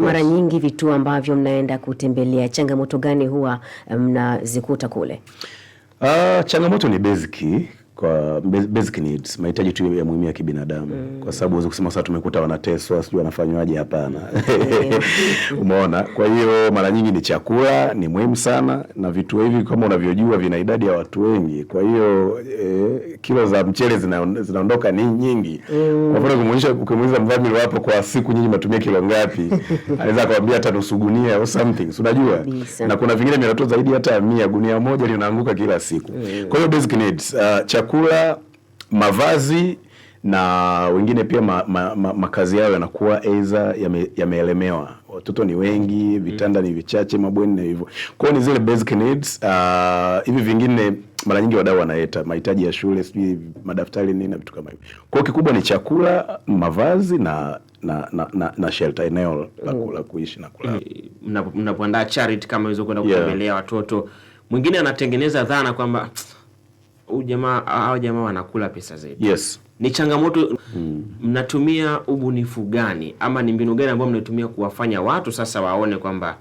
Mara nyingi vituo ambavyo mnaenda kutembelea, changamoto gani huwa mnazikuta kule? Uh, changamoto ni basic kwa basic needs, mahitaji tu ya muhimu ya kibinadamu mm. Kwa sababu huwezi kusema sasa tumekuta wanateswa sijui wanafanywaje, hapana. Umeona? Kwa hiyo mara nyingi ni chakula ni muhimu sana, na vitu hivi kama unavyojua vina idadi ya watu wengi. Kwa hiyo eh, kilo za mchele zina, zinaondoka ni nyingi mm. Kwa mfano ukimuuliza mdhamini wapo kwa siku nyinyi mnatumia kilo ngapi, anaweza akakwambia hata nusu gunia au something, unajua, na kuna vingine vinatoa zaidi hata 100 gunia moja linaanguka kila siku mm. Kwa hiyo basic needs uh, chakula chakula, mavazi na wengine pia ma, ma, ma, makazi yao yanakuwa aidha yameelemewa, yame watoto ni wengi, vitanda ni vichache, mabweni na hivyo. Kwa ni zile basic needs. Uh, hivi vingine mara nyingi wadau wanaleta mahitaji ya shule, sijui madaftari nini na vitu kama hivyo. Kwa kikubwa ni chakula, mavazi na na na, na, na shelter, eneo la kula, kuishi na kulala. Mnapoandaa charity kama hizo kwenda kutembelea yeah, watoto, mwingine anatengeneza dhana kwamba ujamaa hawa jamaa wanakula pesa zetu. Yes. Ni changamoto mm. Mnatumia ubunifu gani ama ni mbinu gani ambayo mnatumia kuwafanya watu sasa waone kwamba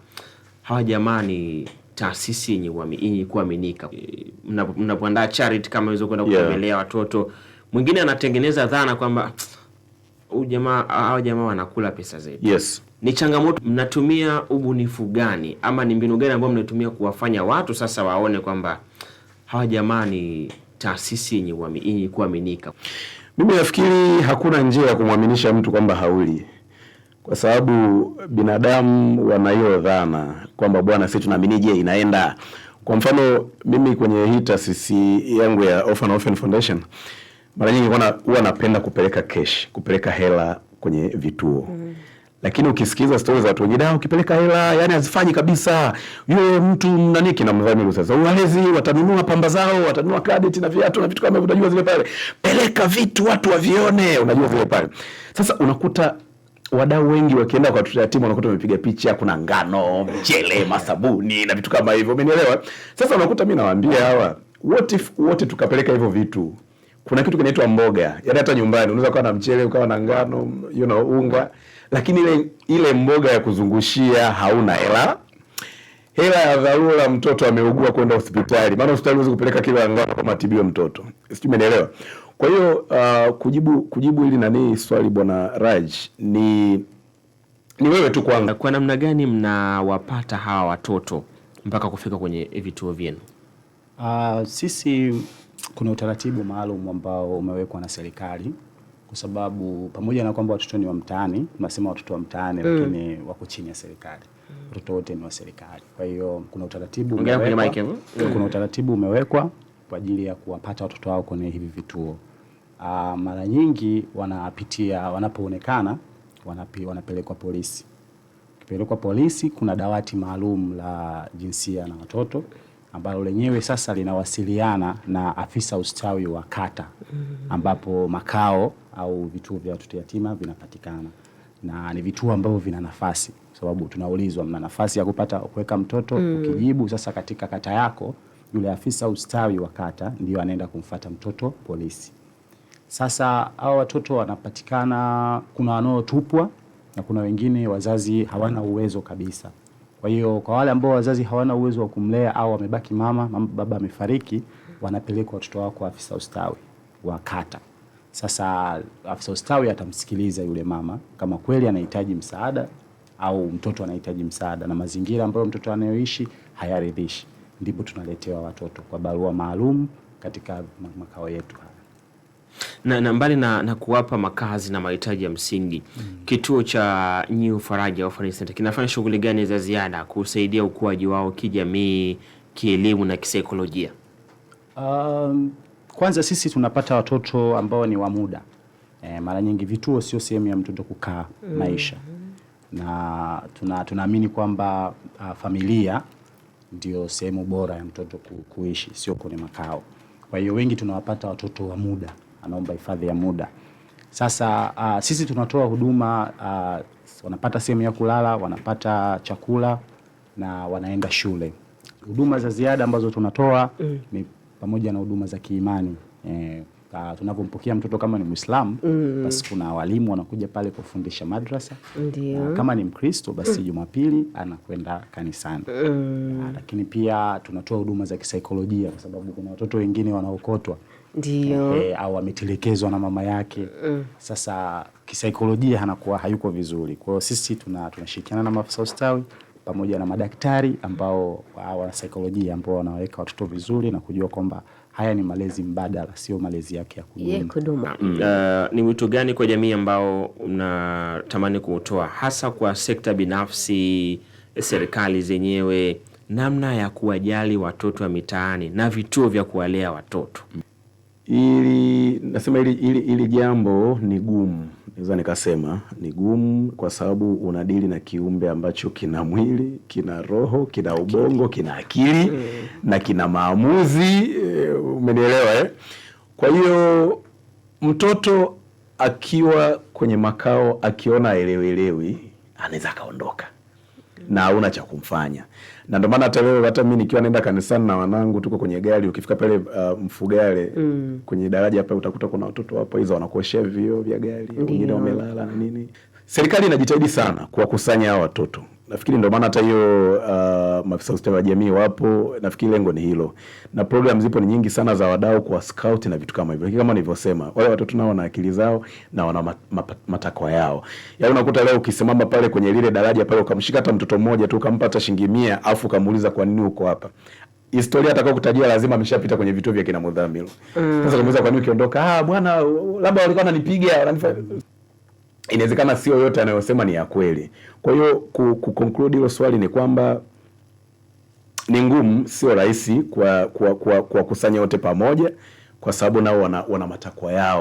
hawa jamaa ni taasisi yenye kuaminika? Mnapoandaa charity kama hizo kwenda kutembelea yeah. watoto, mwingine anatengeneza dhana kwamba ujamaa hawa jamaa wanakula pesa zetu. Yes. Ni changamoto. Mnatumia ubunifu gani ama ni mbinu gani ambayo mnatumia kuwafanya watu sasa waone kwamba hawa jamaa ni taasisi yenye kuaminika. Mimi nafikiri hakuna njia ya kumwaminisha mtu kwamba hauli, kwa sababu binadamu wana hiyo dhana kwamba bwana, sisi je, inaenda. Kwa mfano mimi kwenye hii taasisi yangu ya Orphan Orphan Foundation mara nyingi huwa napenda kupeleka cash, kupeleka hela kwenye vituo mm. Lakini ukisikiza stori za watu wengine ah, ukipeleka hela yani hazifanyi kabisa. Yule mtu nani kinamdhamiru sasa. Walezi watanunua pamba zao, watanunua credit na viatu na vitu kama hivyo, unajua zile pale. Peleka vitu watu wavione, unajua zile pale. Sasa unakuta wadau wengi wakienda kwa tutia timu wanakuta wamepiga picha, kuna ngano, mchele, masabuni na vitu kama hivyo. Umenielewa? Sasa unakuta mimi nawaambia hawa, what if wote tukapeleka hivyo vitu? Kuna kitu kinaitwa mboga. Yaani hata nyumbani unaweza kuwa na mchele, ukawa na ngano, you know, unga lakini ile, ile mboga ya kuzungushia hauna hela hela ya dharura, mtoto ameugua kwenda hospitali, maana hospitali huwezi kupeleka kila ngao kwa matibio mtoto, sijui umeelewa. Kwa hiyo uh, kujibu kujibu hili nani swali bwana Raj ni ni wewe tu kwanza. Kwa namna gani mnawapata hawa watoto mpaka kufika kwenye vituo vyenu? Uh, sisi kuna utaratibu maalum ambao umewekwa na serikali kwa sababu pamoja na kwamba watoto ni wa mtaani, tunasema watoto wa mtaani mm. lakini wako chini ya serikali watoto wote ni wa serikali. Kwa hiyo kuna utaratibu umewekwa, eh? kuna mm. utaratibu umewekwa kwa ajili ya kuwapata watoto wao kwenye hivi vituo. Aa, ah, mara nyingi wanapitia, wanapoonekana wanapi, wanapelekwa polisi. Kipelekwa polisi, kuna dawati maalum la jinsia na watoto ambalo lenyewe sasa linawasiliana na afisa ustawi wa kata mhm. ambapo makao au vituo vya watoto yatima vinapatikana, na ni vituo ambavyo vina nafasi, sababu tunaulizwa mna nafasi ya kupata kuweka mtoto mm. Ukijibu sasa katika kata yako, yule afisa ustawi wa kata ndio anaenda kumfata mtoto polisi. Sasa hao watoto wanapatikana, kuna wanaotupwa na kuna wengine wazazi hawana uwezo kabisa kwa hiyo kwa wale ambao wazazi hawana uwezo wa kumlea au wamebaki mama, mama baba amefariki, wanapelekwa watoto wao kwa afisa ustawi wa kata. Sasa afisa ustawi atamsikiliza yule mama kama kweli anahitaji msaada au mtoto anahitaji msaada, na mazingira ambayo mtoto anayoishi hayaridhishi, ndipo tunaletewa watoto kwa barua maalum katika makao yetu na, na mbali na, na kuwapa makazi na mahitaji ya msingi mm. Kituo cha New Faraja Orphanage Center kinafanya shughuli gani za ziada kusaidia ukuaji wao kijamii, kielimu na kisaikolojia? Um, kwanza sisi tunapata watoto ambao ni wa muda e, mara nyingi vituo sio sehemu ya mtoto kukaa mm. maisha na tuna tunaamini kwamba uh, familia ndio sehemu bora ya mtoto ku, kuishi sio kwenye makao. Kwa hiyo wengi tunawapata watoto wa muda anaomba hifadhi ya muda. Sasa uh, sisi tunatoa huduma uh, wanapata sehemu ya kulala, wanapata chakula na wanaenda shule. Huduma za ziada ambazo tunatoa mm. ni pamoja na huduma za kiimani eh, Uh, tunavyompokea mtoto kama ni Muislamu mm. basi kuna walimu wanakuja pale kufundisha madrasa Na kama ni Mkristo basi mm. Jumapili anakwenda kanisani mm. lakini pia tunatoa huduma za kisaikolojia kwa sababu kuna watoto wengine wanaokotwa ndio eh, au ametelekezwa na mama yake mm. Sasa kisaikolojia anakuwa hayuko vizuri. Kwa hiyo sisi tunashirikiana tuna na maafisa ustawi pamoja na madaktari ambao ah, wana saikolojia ambao wanaweka watoto vizuri na kujua kwamba haya ni malezi mbadala, sio malezi yake ya kudumu. Uh, ni wito gani kwa jamii ambao mnatamani kuutoa hasa kwa sekta binafsi, serikali zenyewe, namna ya kuwajali watoto wa mitaani na vituo vya kuwalea watoto? Ili nasema ili, ili, ili jambo ni gumu, naweza nikasema ni gumu kwa sababu unadili na kiumbe ambacho kina mwili, kina roho, kina ubongo, kina akili mm. na kina maamuzi, eh, umenielewa eh? Kwa hiyo mtoto akiwa kwenye makao akiona aelewelewi, anaweza akaondoka na hauna cha kumfanya. Na ndio maana hata wewe, hata mimi nikiwa naenda kanisani na wanangu, tuko kwenye gari, ukifika pale uh, Mfugale mm. kwenye daraja pale utakuta kuna watoto hapo, hizo wanakuoshea vioo vya gari, wengine wamelala na nini. Serikali inajitahidi sana kuwakusanya hawa watoto Nafikiri ndio maana hata hiyo uh, maafisa ustawi wa jamii wapo, nafikiri lengo ni hilo, na program zipo ni nyingi sana za wadau kwa scout na vitu kama hivyo, lakini kama nilivyosema, wale watoto nao wana akili zao na wana matakwa yao. Yaani unakuta leo ukisimama pale kwenye lile daraja pale ukamshika hata mtoto mmoja tu ukampa hata shilingi 100 afu ukamuuliza kwa nini uko hapa, historia atakao kutajia lazima ameshapita kwenye vituo vya kina Mudhamilo. Mm. Sasa mm. kumuuliza kwa nini ukiondoka, ah bwana, labda walikuwa wananipiga wananifanya inawezekana sio yote anayosema ni ya kweli. Kwa hiyo ku conclude hilo swali ni kwamba ni ngumu, sio rahisi kwa kwa kwa wote pamoja, kwa sababu nao wana, wana matakwa yao.